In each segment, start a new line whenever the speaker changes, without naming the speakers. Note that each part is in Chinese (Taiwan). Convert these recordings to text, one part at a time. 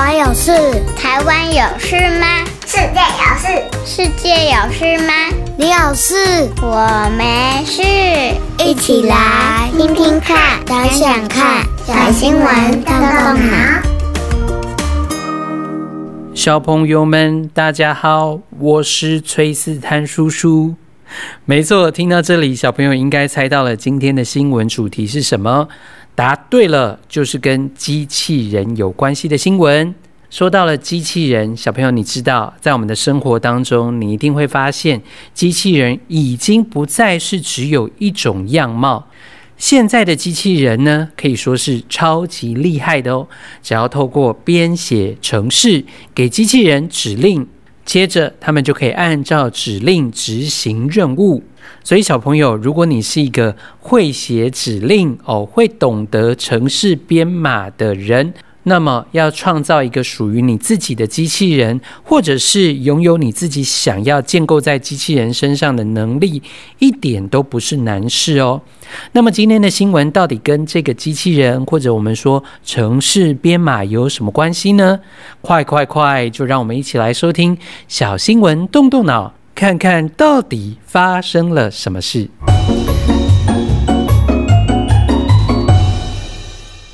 我有事，台灣有事嗎？世界有事，世界有事嗎？你有事，我沒事。一起來聽聽看，想想看，看，小新聞動動腦。小朋友們，大家好，我是崔斯坦叔叔。沒錯，聽到這裡，小朋友應該猜到了今天的新聞主題是什麼。答對了，就是跟機器人有關係的新聞。說到了機器人，小朋友，你知道，在我們的生活當中，你一定會發現，機器人已經不再是只有一種樣貌。現在的機器人呢，可以說是超級厲害的哦。只要透過編寫程式，給機器人指令。接着，他們就可以按照指令執行任務。所以，小朋友，如果你是一個會寫指令、哦，會懂得程式編碼的人。那麼，要創造一個屬於你自己的機器人，或者是擁有你自己想要建構在機器人身上的能力，一點都不是難事哦。那麼，今天的新聞到底跟這個機器人，或者我們說程式編碼有什麼關係呢？快快快，就讓我們一起來收聽小新聞，動動腦，看看到底發生了什麼事。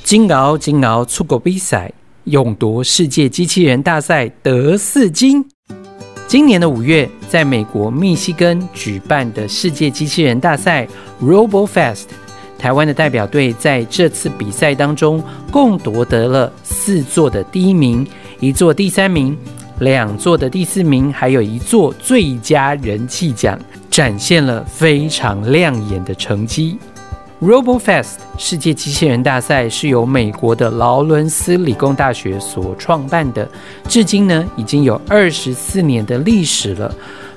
真熬真熬出國比賽，勇奪世界機器人大賽得四金。今年的五月，在美國密西根舉辦的世界機器人大賽 Robo Fest，台灣的代表隊在這次比賽當中，共奪得了四座的第一名，一座第三名，兩座的第四名，還有一座最佳人氣獎，展現了非常亮眼的成績。Robo Fest 世界機器人大賽是由美國的勞倫斯理工大學所創辦的，至今呢已經有二十四年的歷史了。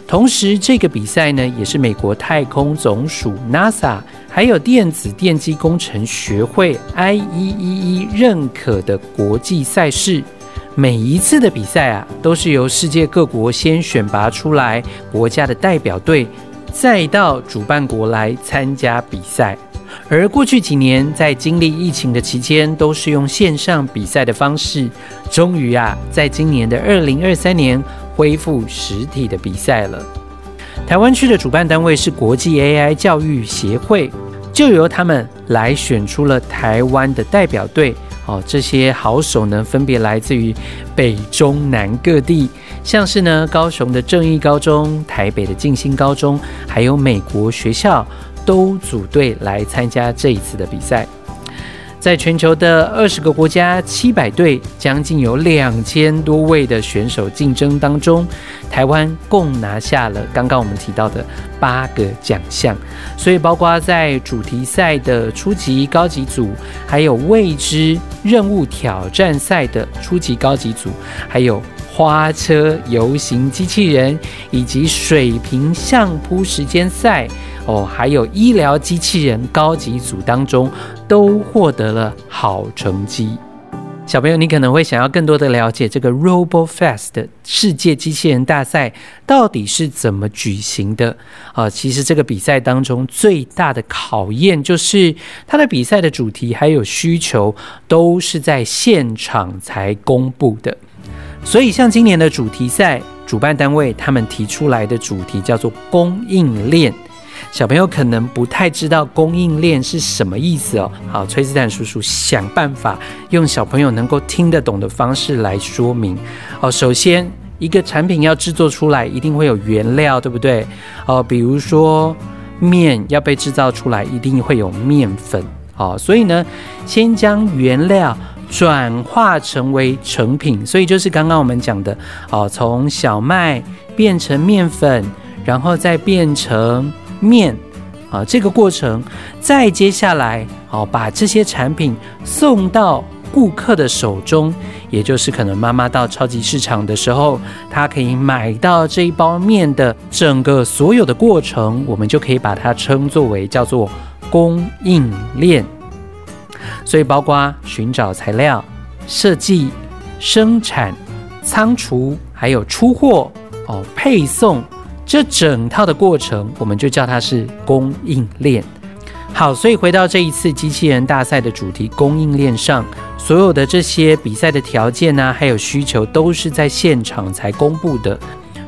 同時，這個比賽呢也是美國太空總署 NASA 還有電子電機工程學會 IEEE 認可的國際賽事。每一次的比賽啊，都是由世界各國先選拔出來國家的代表隊，再到主辦國來參加比賽。而過去幾年在經歷疫情的期間，都是用線上比賽的方式。終於啊，在今年的二零二三年恢復實體的比賽了。台灣區的主辦單位是國際 AI 教育協會，就由他們來選出了台灣的代表隊。哦，這些好手呢，分別來自於北中南各地，像是呢高雄的正義高中、台北的靜心高中，還有美國學校。都組隊來參加這一次的比賽，在全球的二十個國家700，七百隊，將近有兩千多位的選手競爭當中，台灣共拿下了剛剛我們提到的八個獎項，所以包括在主題賽的初級、高級組，還有未知任務挑戰賽的初級、高級組，還有花車遊行機器人以及水平相撲時間賽。哦，還有醫療機器人高級組當中都獲得了好成績。小朋友，你可能會想要更多的了解這個 RoboFest 的世界機器人大賽到底是怎麼舉行的啊？其實這個比賽當中最大的考驗就是它的比賽的主題還有需求都是在現場才公布的。所以像今年的主題賽主辦單位他們提出來的主題叫做供應鏈。小朋友可能不太知道供應鏈是什麼意思哦。好，崔斯坦叔叔想辦法用小朋友能夠聽得懂的方式來說明哦。首先，一個產品要製作出來，一定會有原料，對不對？哦，比如說麵要被製造出來，一定會有麵粉。哦，所以呢，先將原料轉化成為成品。所以就是剛剛我們講的哦，從小麥變成麵粉，然後再變成。麵，啊，這個過程，再接下來，好、哦，把這些產品送到顧客的手中，也就是可能媽媽到超級市場的時候，她可以買到這一包麵的整個所有的過程，我們就可以把它稱作為叫做供應鏈。所以包括尋找材料、設計、生產、倉儲，還有出貨哦，配送。這整套的過程，我們就叫它是供應鏈。好，所以回到這一次機器人大賽的主題供應鏈上，所有的這些比賽的條件呢、啊，還有需求都是在現場才公布的。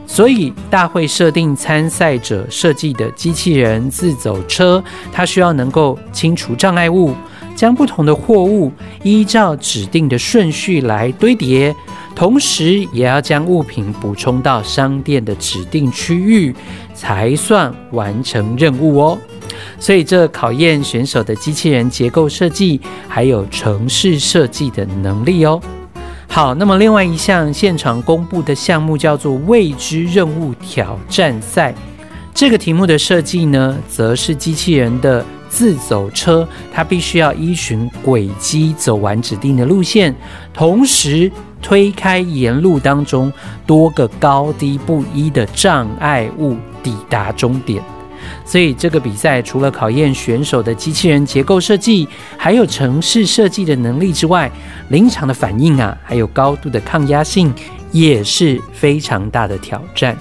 所以大會設定參賽者設計的機器人自走車，它需要能夠清除障礙物。將不同的貨物依照指定的順序來堆疊，同時也要將物品補充到商店的指定區域，才算完成任務哦。所以這考驗選手的機器人結構設計，還有程式設計的能力哦。好，那麼另外一項現場公布的項目叫做“未知任務挑戰賽”，這個題目的設計呢，則是機器人的。自走車，它必須要依循軌跡走完指定的路線，同時推開沿路當中多個高低不一的障礙物，抵達終點。所以，這個比賽除了考驗選手的機器人結構設計，還有程式設計的能力之外，臨場的反應啊，還有高度的抗壓性，也是非常大的挑戰。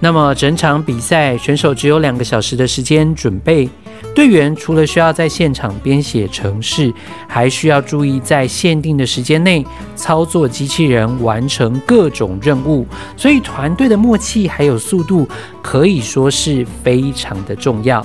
那麼，整場比賽選手只有兩個小時的時間準備。隊員除了需要在現場編寫程式，還需要注意在限定的時間內操作機器人完成各種任務。所以團隊的默契還有速度，可以說是非常的重要。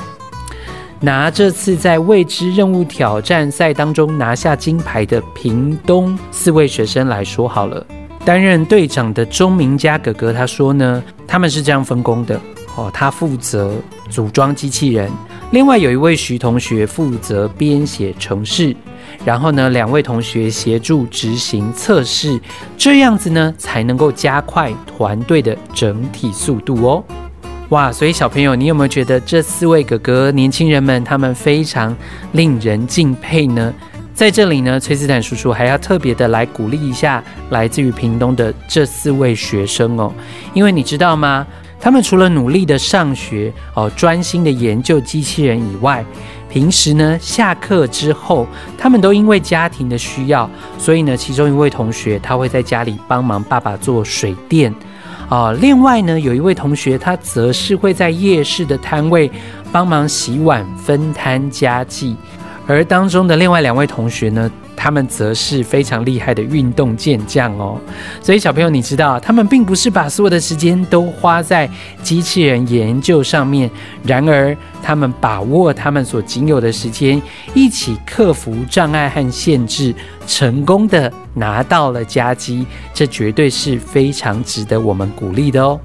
拿這次在未知任務挑戰賽當中拿下金牌的屏東四位學生來說好了，擔任隊長的鍾明佳哥哥他說呢，他們是這樣分工的哦，他負責組裝機器人。另外有一位徐同學負責編寫程式，然後呢，兩位同學協助執行測試，這樣子呢才能夠加快團隊的整體速度哦。哇，所以小朋友，你有沒有覺得這四位哥哥年輕人們他們非常令人敬佩呢？在這裡呢，崔斯坦叔叔還要特別的來鼓勵一下來自於屏東的這四位學生哦，因為你知道嗎？他們除了努力的上學哦，專心的研究機器人以外，平時呢，下課之後，他們都因為家庭的需要，所以呢，其中一位同學他會在家裡幫忙爸爸做水電，啊，另外呢，有一位同學他則是會在夜市的攤位幫忙洗碗，分攤家計。而當中的另外兩位同學呢，他們則是非常厲害的運動健將哦。所以小朋友，你知道，他們並不是把所有的時間都花在機器人研究上面，然而他們把握他們所僅有的時間，一起克服障礙和限制，成功的拿到了佳績。這絕對是非常值得我們鼓勵的哦。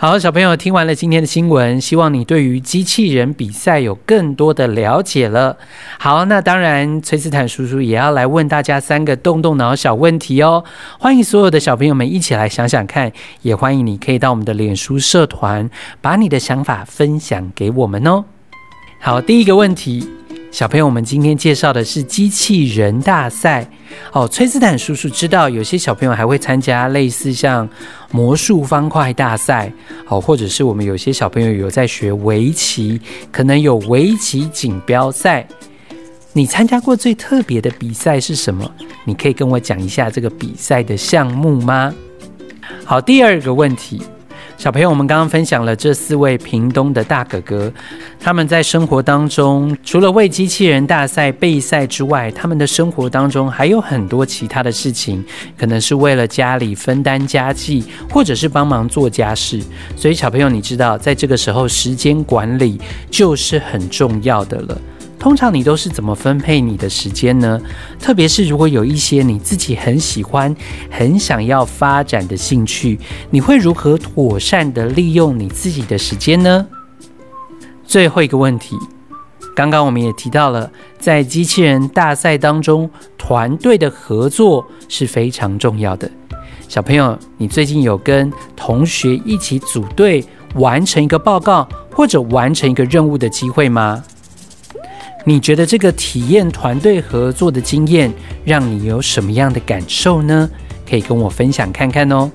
好，小朋友聽完了今天的新聞，希望你對於機器人比賽有更多的了解了。好，那當然，崔斯坦叔叔也要來問大家三個動動腦小問題哦。歡迎所有的小朋友們一起來想想看，也歡迎你可以到我們的臉書社團，把你的想法分享給我們哦。好，第一個問題。小朋友，我們今天介紹的是機器人大賽。哦，崔斯坦叔叔知道有些小朋友還會參加類似像魔術方塊大賽，哦，或者是我們有些小朋友有在學圍棋，可能有圍棋錦標賽。你參加過最特別的比賽是什麼？你可以跟我講一下這個比賽的項目嗎？好，第二個問題。小朋友，我們剛剛分享了這四位屏東的大哥哥，他們在生活當中，除了為機器人大賽備賽之外，他們的生活當中還有很多其他的事情，可能是為了家裡分擔家計，或者是幫忙做家事。所以，小朋友，你知道，在這個時候，時間管理就是很重要的了。通常你都是怎麼分配你的時間呢？特別是如果有一些你自己很喜歡、很想要發展的興趣，你會如何妥善地利用你自己的時間呢？最後一個問題，剛剛我們也提到了，在機器人大賽當中，團隊的合作是非常重要的。小朋友，你最近有跟同學一起組隊完成一個報告或者完成一個任務的機會嗎？你覺得這個體驗團隊合作的經驗，讓你有什麼樣的感受呢？可以跟我分享看看哦。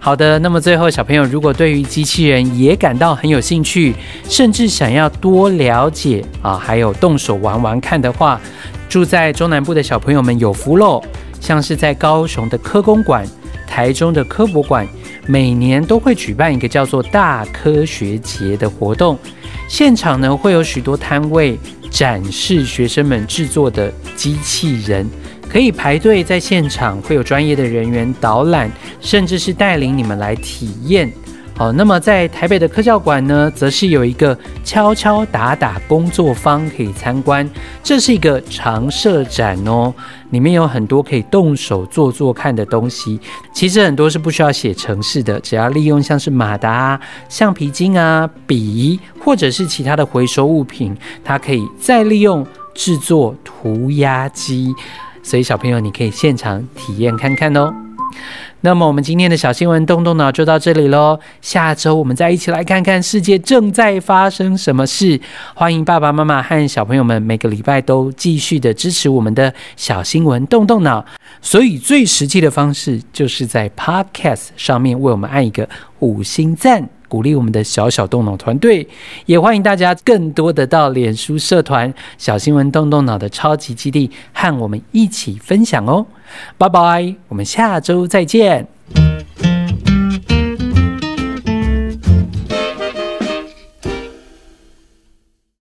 好的，那麼最後，小朋友如果對於機器人也感到很有興趣，甚至想要多了解啊，還有動手玩玩看的話，住在中南部的小朋友們有福嘍！像是在高雄的科工館、台中的科博館，每年都會舉辦一個叫做“大科學節”的活動。現場呢，會有許多攤位展示學生們制作的機器人，可以排隊在現場，會有專業的人員導覽，甚至是帶領你們來體驗。好，那麼在台北的科教館呢，則是有一個敲敲打打工作坊，可以參觀，這是一個常設展哦，裡面有很多可以動手做做看的東西。其實很多是不需要寫程式的，只要利用像是馬達啊、橡皮筋啊、筆，或者是其他的回收物品，它可以再利用製作塗鴉機，所以小朋友你可以現場體驗看看哦。那麼，我們今天的小新聞動動腦就到這裡嘍。下周我們再一起來看看世界正在發生什麼事。歡迎爸爸媽媽和小朋友們每個禮拜都繼續的支持我們的小新聞動動腦。所以，最實際的方式就是在 Podcast 上面為我們按一個五星讚。鼓勵我們的小小動腦團隊，也歡迎大家更多的到臉書社團“小新聞動動腦”的超級基地和我們一起分享哦。拜拜，我們下周再見。